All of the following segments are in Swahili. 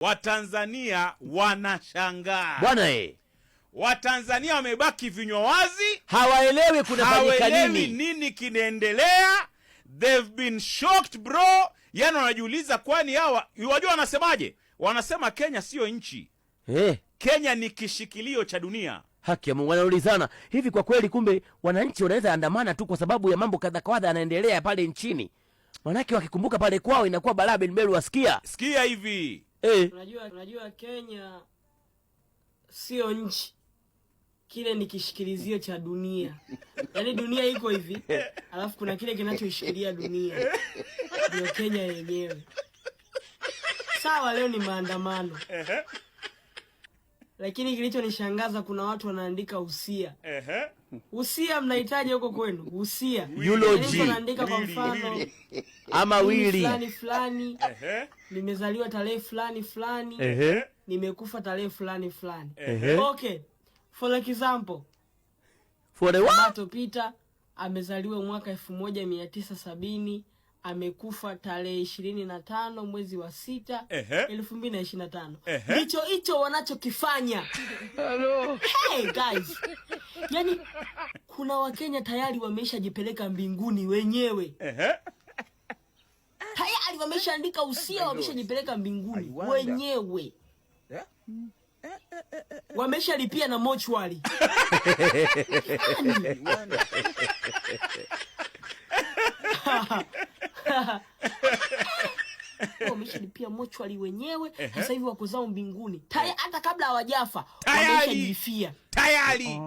Watanzania wanashangaa bwana e, Watanzania wamebaki vinywa wazi, hawaelewi kunafanyika nini, nini kinaendelea. They've been shocked bro. Yani wanajiuliza kwani hawa wajua, wanasemaje? Wanasema Kenya siyo nchi eh. Kenya ni kishikilio cha dunia. Haki ya Mungu, wanaulizana hivi, kwa kweli kumbe wananchi wanaweza andamana tu kwa sababu ya mambo kadha kadha yanaendelea pale nchini, manake wakikumbuka pale kwao inakuwa balaa, benbelu wasikia sikia hivi hey. Eh. Unajua, unajua Kenya sio nchi, kile ni kishikilizio cha dunia. Yaani dunia iko hivi, alafu kuna kile kinachoishikilia dunia, ndio Kenya yenyewe. Sawa, leo ni maandamano lakini kilichonishangaza kuna watu wanaandika usia. Ehe. Usia mnahitaji huko kwenu? Usia. Eulogy. Wanaandika kwa mfano ama wili fulani fulani. Ehe. Nimezaliwa tarehe fulani fulani. Ehe. Nimekufa tarehe fulani fulani. Ehe. Okay. For example. For the what? Mato Peter amezaliwa mwaka elfu moja mia tisa sabini amekufa tarehe ishirini na tano mwezi wa sita elfu mbili na ishirini na tano ndicho hicho wanachokifanya. Hey, guys. Yani, kuna Wakenya tayari wameishajipeleka mbinguni wenyewe tayari wameshaandika usia, wameshajipeleka mbinguni wenyewe yeah. Wameshalipia na mochwari wameshalipia mochwali wenyewe uh -huh. Sasa hivi wako zao mbinguni tayari, eh. hata kabla hawajafa wameshajifia tayari.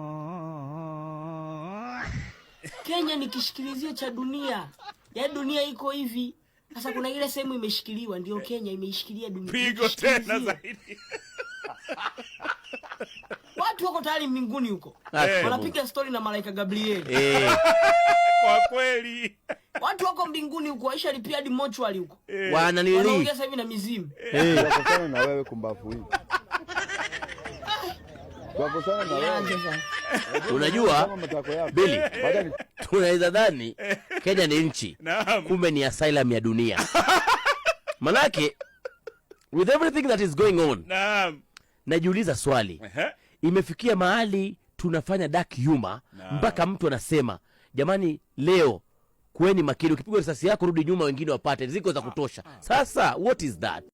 Kenya ni kishikilizio cha dunia, ya dunia iko hivi sasa. Kuna ile sehemu imeshikiliwa, ndio Kenya imeishikilia dunia. Pigo tena zaidi watu wako tayari mbinguni huko, eh. wanapiga stori na malaika Gabrieli. Eh. Kwa kweli Watu wako mbinguni huko Aisha lipia hadi mochwali huko. Eh. Wana nini? Wanaongea sasa hivi na mizimu. Eh, eh. wakosana na wewe kumbavu hivi. Wakosana na wewe. Unajua Bili, tunaweza dhani Kenya ni nchi. Kumbe ni asylum ya dunia. Manake with everything that is going on. Naam. Najiuliza swali. Imefikia mahali tunafanya dark humor mpaka mtu anasema, "Jamani leo kweni makini, ukipigwa risasi yako rudi nyuma, wengine wapate, ziko za kutosha. Ah, ah. Sasa what is that?